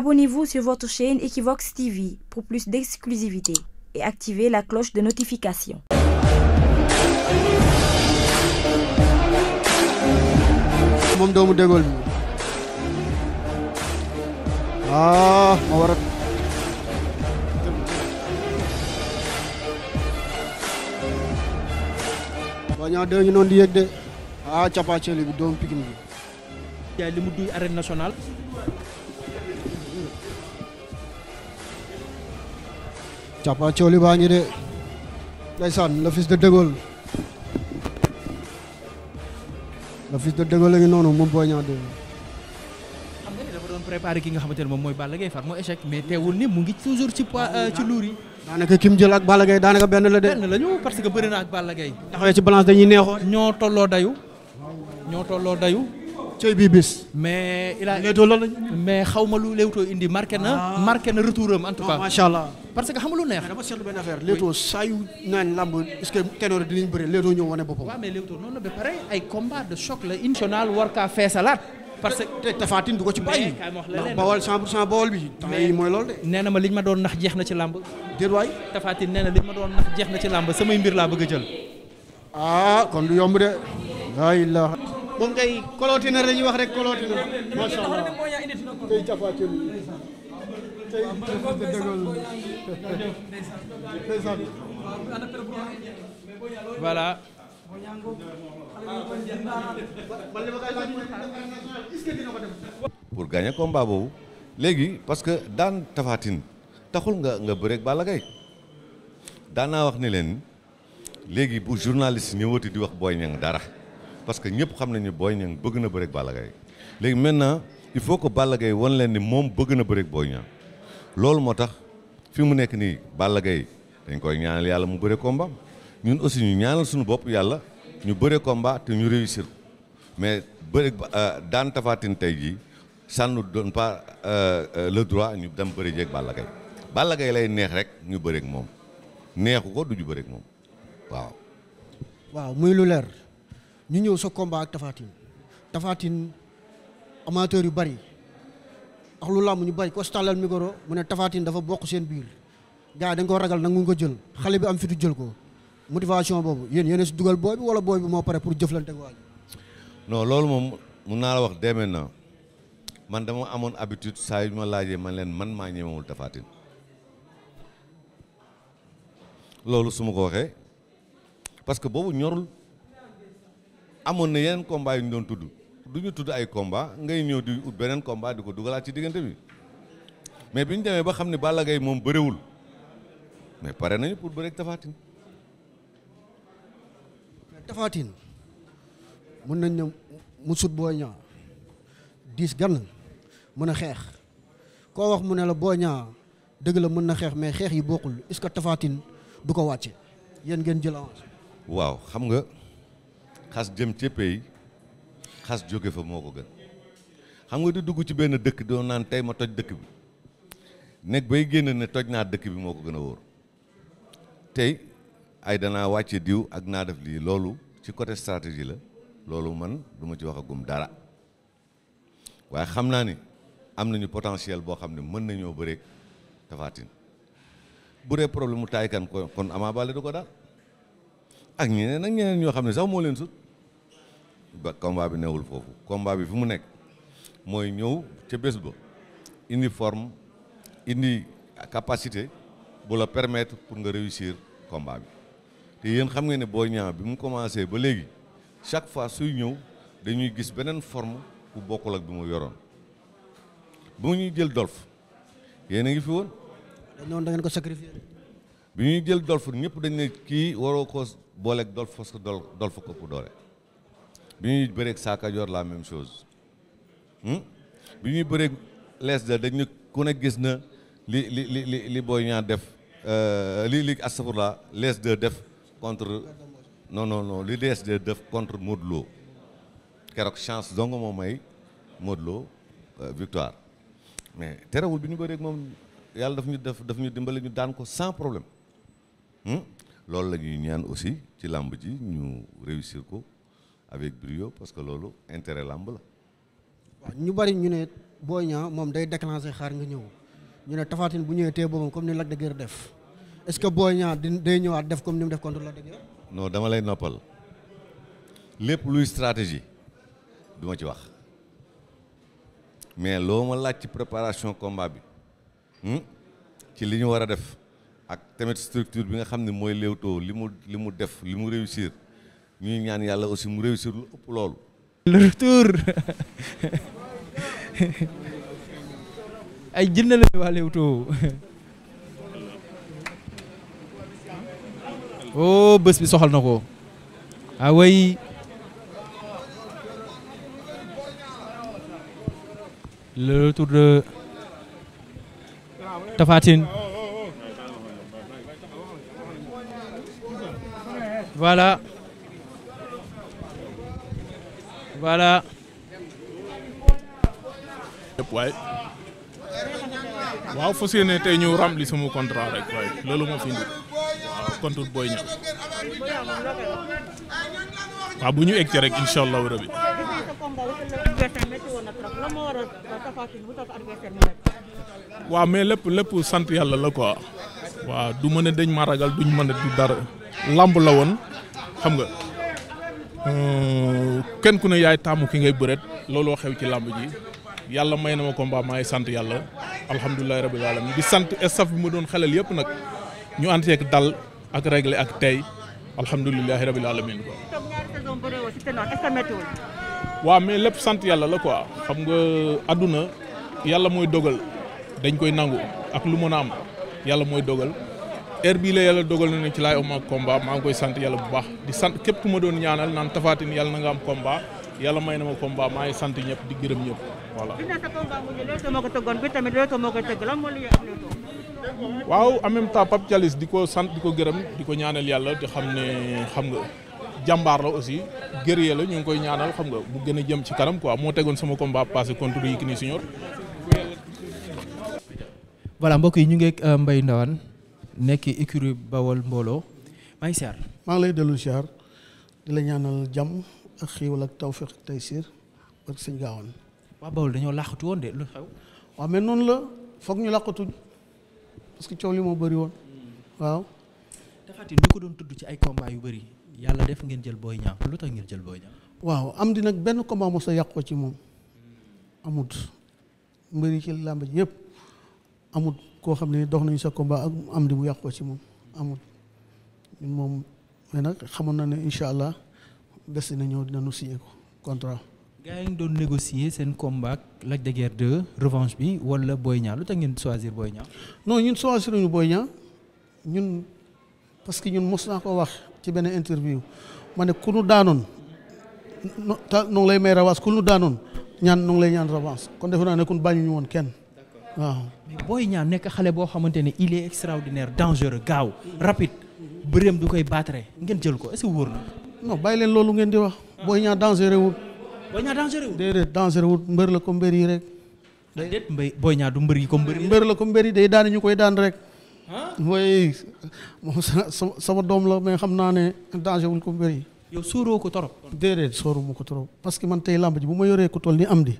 Abonnez-vous sur votre chaîne Equivox TV pour la cloche de notification. moom doomu dégol bi ah ma war a wañaa doo ñu noonu di de ah capacoli bi doomu Pikine bi li mu duy arène nationale càppa cooli baa ngi de ndeysaan le fils de De Gaulle le fils de De Gaulle noonu moom Boy Niang 2 xam nga ni xamante ne moom mooy Balla Gaye far moo échec mais teewul ni mu ngi toujours ci poids euh, ci luur yi daanaka kim jël ak Balla daanaka benn la de benn la parce que bëri na ak Balla Gaye taxawee ci balance dañuy neexoo ñoo tolloo dayu ñoo tolloo dayu cëy bii bis mais il a léetoo loolu mais xaw ma lu léewtoo indi marqué na ah. marqué na retour am en ah, allah parce que xam lu neex. mais dama seetlu benn affaire Leewtoo saa yu naan làmb est-ce que ténor dinañ bëre Leewtoo ñëw wane boppam. waaw mais Leewtoo noonu la ba pare ay combat de choc la international war kaa feesalaat. parce que te Tapha du ko ci bàyyi. ndax bawal 100 pour 100 bi. temps mooy loolu de. nee na ma liñ ma doon nax jeex na ci làmb. déet waay Tapha Tine nee liñ ma doon nax jeex na ci làmb samay mbir laa bëgg a jël. ah kon du yomb de. laa ilaaha. moom kay kolootina la ñuy wax rek tey voilà. pour gagner combat boobu léegi parce que daan tafaatin taxul nga nga bëreeg Balla Gaye daan naa wax ne leen léegi bu journaliste ñëwati di wax booy Niang dara parce que ñëpp xam nañu booy Niang bëgg na bëreeg Balla Gaye léegi maintenant il faut que Balla Gaye leen ni moom bëgg na bëreeg booy Niang loolu moo tax fi mu nekk nii Balla Gaye dañ koy ñaanal yàlla mu bëre combat ñun aussi ñu ñaanal suñu bopp yàlla ñu bëre combat te ñu réussir mais bëre euh, daan tafaatin tey jii ça ne nous donne euh, euh, le droit ñu dem bëri jeeg Balla Gaye Balla lay neex rek ñu bëri moom neexu ko du ñu bëri moom waaw. waaw muy lu leer ñu ñëw sa combat ak Tapha Tine Tapha amateur yu bari. wax lu làmb ñu bari ko tàllal micro mu ne Tapha Tine dafa bokk seen biir gars yi dañ koo ragal nangu ko jël xale bi am fitu jël ko motivation boobu yéen yéen si dugal booy bi wala booy bi moo pare pour jëflante waa ji non loolu moom mun naa la wax dès maintenant man dama amoon habitude saa yu ma laajee man leen man maa ñemewul Tapha Tine loolu su ma ko waxee parce que boobu ñorul amoon na yeneen combat yu ñu doon tudd du ñu tudd ay combat ngay ñëw di ut beneen combat di ko dugalaat ci diggante bi mais bi ñu demee ba xam ne Balla Gaye moom bëriwul mais pare nañu pour bëreeg Tapha tafaatin Tapha Tine mën nañ ne mu sut Boy Niang diis gan mën a xeex koo wax mu ne la Boy Niang dëgg la mën na xeex mais xeex yi bokkul est-ce que Tapha Tine du ko wàcce yéen ngeen jël waaw xam nga xas jëm ci pays xas jóge fa moo ko gën xam nga di dugg ci benn dëkk doon naan tey ma toj dëkk bi nekk bay génn ne toj naa dëkk bi moo ko gën a wóor tey ay danaa wàcce diw ak naa def lii loolu ci côté stratégie la loolu man duma ci wax agum dara waaye xam naa ni am nañu potentiel boo xam ne mën nañoo bëreeg Tapha bu dee problème mu taay kan kon Ama Baldé du ko daal ak ñeneen ak ñeneen ñoo xam ne sax moo leen sut ba combat bi newul foofu combat bi fi mu nekk mooy ñëw ca bés ba indi forme indi capacité bu la permettre pour nga réussir combat bi te yéen xam nga ne boo Niang bi mu commencé ba léegi chaque fois suy ñëw dañuy gis beneen forme bu bokkul ak bi mu yoroon bu ñuy jël dolf yéen a ngi fi woon. noonu ko sacrifier. bi ñuy jël dolf ñëpp dañ ne kii waroo ko booleeg dolf parce que dolf ko ëpp doole. bi ñuy bëreeg Sakajor la même chose hmm? bi ñuy bëreeg lees da dañu ku ne gis na li li li li li def euh, li li astafurla lees de def contre non non non li lees def contre Modou Lo keroog chance dong moo may Modou Lo euh, victoire mais terewul bi ñu bëreeg moom yàlla daf ñu def daf ñu dimbali ñu daan ko sans problème hmm? loolu la ñaan aussi ci làmb ji ñu réussir ko avec brio parce que loolu intérêt làmb la. waaw ñu bari ñu ne Boy Niang moom day déclencher xaar nga ñëw ñu ne Tapha bu ñëwee tee boobu comme ni Lac de Guiers def est-ce que Boy Niang day ñëwaat def comme ni mu def contre Lac de Guiers. non dama lay noppal lépp luy stratégie du ci wax mais loo ma laaj ci préparation combat bi hmm, ci li ñu war a def ak tamit structure bi nga xam ne mooy Leewtoo li mu li mu def li mu réussir. ñuy ñaan yàlla aussi mu réussir ëpp loolu. le retour. ay jënd la waa Leewtoo. oh soxal na ko. ah le retour de voilà. voilà. yëpp waay. waaw fas tey ñu rempli sama contrat rek waaye loolu moo fi indi waaw bu ñu egg rek incha allahu rabi. waaw mais lépp lépp sant yàlla la quoi. waaw du mën a dañ ma ragal duñ mën a di dara. làmb la woon xam nga. Euh, kenn ku ne yaay taamu ki ngay bëreet looloo xew ci làmb ji yàlla may na ma combat maay sant yàlla alhamdulilahi rabbil alamin di sant staff bi ma doon xelal yëpp nag ñu anteek dal ak réglé ak tey alhamdulilahi rabbil alamin quoi waaw mais lépp sant yàlla la ko quoi xam nga àdduna yàlla mooy dogal dañ koy nangu ak lu mën a am yàlla mooy dogal heure bii la yàlla dogal na ne ci laay am ak maa ngi koy sant yàlla bu baax di sant képp ku doon ñaanal naan tafaatin yàlla na nga am combat yàlla may na ma combat maa ngi sant ñëpp di gërëm ñëpp voilà. gis naa sa combat mu ngi Leewtoo moo ko tëggoon bi waaw en même temps Pape Thialis di ko sant di ko gërëm di ko ñaanal yàlla di xam ne xam nga jàmbaar la aussi guerrier la ñu ngi koy ñaanal xam nga bu gën a jëm ci kanam quoi moo tegoon sama combat passé contre Yékini Senior. voilà mbokk yi ñu ngi mbay euh, Mbaye nekk écurie Bawol mbooloo maa ngi siyaar maa ngi lay dellu siyaar di la ñaanal jam ak xiiwal ak tawféex ak taysiir ak sëñ gaawan waa Bawol dañoo làqatu woon de lu xew waaw mais noonu la foog ñu làqatu parce que coow li moo bari woon waaw Tapha Tine ko doon tudd ci ay combat yu bëri yàlla def ngeen jël booy Niang lu tax ngeen jël Boy Niang waaw am di nag benn combat mos a yàqoo ci moom amut mbëri ci làmb ji amut koo xam ne dox nañu sa combat ak am di mu yàq ko ci moom amul ñun moom mais nag xamoon na ne incha allah des na ñëw dinañu signé ko contrat. gars yi ngi doon négocier seen combat la Lac de revanche bi wala Boy Niang lu tax ngeen choisir Boy Niang. non ñun choisir ñu Boy ñun parce que ñun mos naa wax ci benn interview ma ne ku daanoon nu ta nu ngi lay may revanche ku nu daanoon ñaan nu lay ñaan revanche kon defe naa ne kun bàyyi ñu woon kenn. waaw mais Boy nekk xale boo xamante ne il est extraordinaire dangereux gaaw rapide bëreem du koy battre ngeen jël ko est-ce que wóor na. non leen loolu ngeen di wax. Boy Niang dangereux wul. Boy Niang wul. mbër la ko mbër yi rek. déet mbay Boy Niang du mbër yi ko mbër yi. la ko mbër yi day daan ñu koy daan rek. mooy moom sama doom la mais xam naa ne danger wul ko mbër yi. ko torop. déedéet sóoru ma ko torop parce que man tey làmb ji bu ma yoree ku toll ni am di.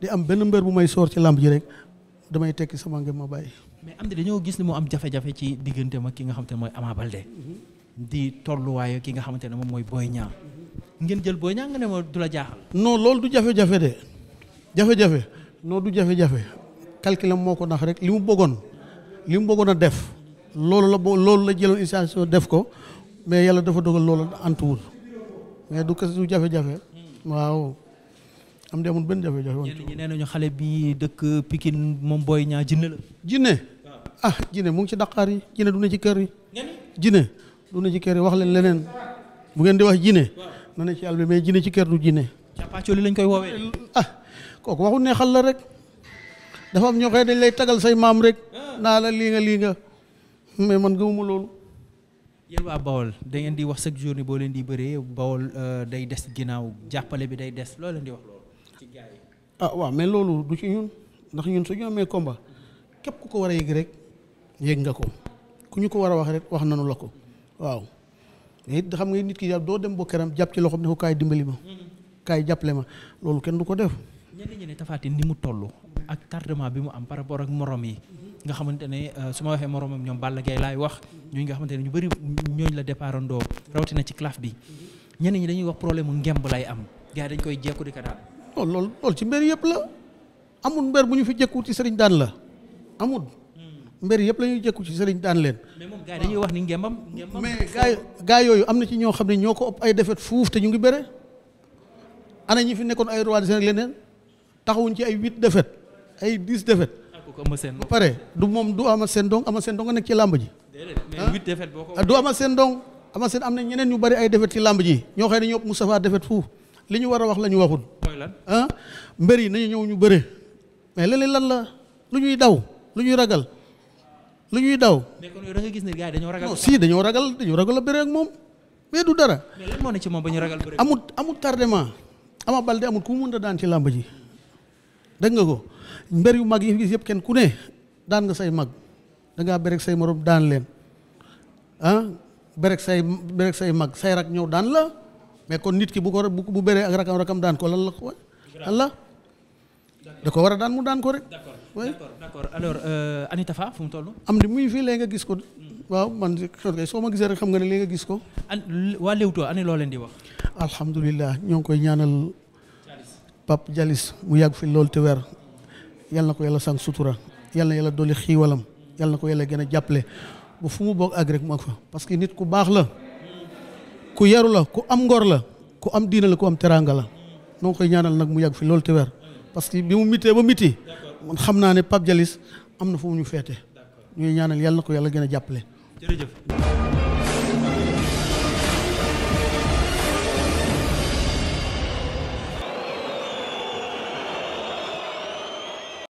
di am benn mbër bu may sóor ci làmb ji rek damay tekki sama ngëm ma bàyyi. mais am na dañoo gis ne moo am jafe-jafe ci diggante ma ki nga xamante ne mooy Ama Baldé mm-hmm. di tolluwaayu ki nga xamante ne moom mooy Boy Niang mm-hmm. ngeen jël Boy Niang nga ne ma du la jaaxal. non loolu du jafe-jafe de jafe-jafe non du jafe-jafe calculam moo ko nax rek li mu bëggoon li mu bëggoon a def loolu la bo loolu la jëloon initiative def ko mais yàlla dafa dogal loolu antuwul mais du kese du jafe-jafe mm. waaw. am demul benn jafe-jafe woon. ñenn ñi xale bi dëkk Pikine moom booy ñaa jinne la. jinne ah jinne mu ngi ci daqaar yi jinne du ne ci kër yi. jinne du ne ci kër yi wax leen leneen mu ngeen di wax jinne na ne ci àll bi mais jinne ci kër du jinne. cappaacoli lañ koy woowee. ah kooku waxu xal la rek dafa am ñoo xëy dañ lay tagal say maam rek ah. naa la lii nga lii nga mais man gëmuma loolu. yéen waa Bawol da ngeen di wax chaque jour ni boo leen di bëree Bawol euh, day des ginnaaw jàppale bi day des loo leen ci gars yi. ah waaw mais loolu du ci ñun ndax ñun su ñu amee combat képp ku ko war a yëg rek yëg nga ko ku ñu ko war a wax rek wax nanu la ko waaw it xam nga nit ki doo dem ba këram jàpp ci loxoom ne ko kaay dimbali ma. kaay jàppale ma loolu kenn du ko ni mu toll ak tardement bi mu am par rapport ak xamante ne euh, su ma waxee moromam ñoom Balla Gaye laay wax ñooñu nga xamante ne ñu bëri ñooñu la départandoo rawatina ci claf bi ñeneen ñi dañuy wax problème ngemb lay am gars dañ koy jekku di ko daal. loolu lool loolu ci mbir yëpp la amul mber bu ñu fi jëkku ci sëriñ daan la amut mbir yëpp la ñuy jëkku ci sëriñ daan leen. mais moom gars yi dañuy wax ni ngembam. ngembam mais gars gars yooyu am na ci ñoo xam ne ñoo ko ëpp ay defet fuuf te ñu ngi bëre. ana ñi fi nekkoon ay roi des leneen taxawuñ ci ay huit defet ay dix defet. Ah, ba pare du moom du ama seen dong ama seen dong nga nekk ci làmb ji. Ah, du ama seen dong ama seen am na ñeneen ñu bari ay defet ci làmb ji ñoo xam ne ñoo ëpp Moustapha defet fuuf. li ñu war a wax la ñu waxul. mooy lan ah mbër yi nañu ñëw ñu bëre mais léeg-léeg lan la lu ñuy daw lu ñuy ragal lu ñuy daw. mais kon da gis ne gars yi dañoo ragal. dañoo ragal dañoo ragal a bëre moom mais du dara. mais lan ci moom ba ñu ragal bëre. amut amut tardement Ama Baldé amut ku mu mën a daan ci làmb ji dégg nga ko mbër yu mag yi gis yëpp kenn ku ne daan nga say mag da ngaa say morom daan leen ah bëre say say mag say rak ñëw daan la. mais kon nit ki bu ko bu bëree ak rakam rakam daan ko lan la ko waay ko war a daan mu daan ko rek. d'accord euh, Fa fu mu toll. am di muy fii léegi nga gis ko. waaw man soo ma gisee rek xam nga ne léegi nga gis ko. waa Leewtoo loo leen di wax. alhamdulilah ñoo ngi koy ñaanal. Pape Jalis mu yàgg fi lool te weer yal na ko yàlla sang sutura yal na yàlla dolli xiiwalam yal na ko yàlla gën a jàppale ba fu mu bokk ak rek mu ak fa parce que nit ku baax la. ku yaru la ku am ngor la ku am diina la ku am teraanga la noo ngi ñaanal nag mu yàgg fi loolu te weer parce que bi mu mitee ba miti man xam naa ne Pape Jalis am na fu mu ñu feete ñuy ñaanal yàlla na ko yàlla gën a jàppale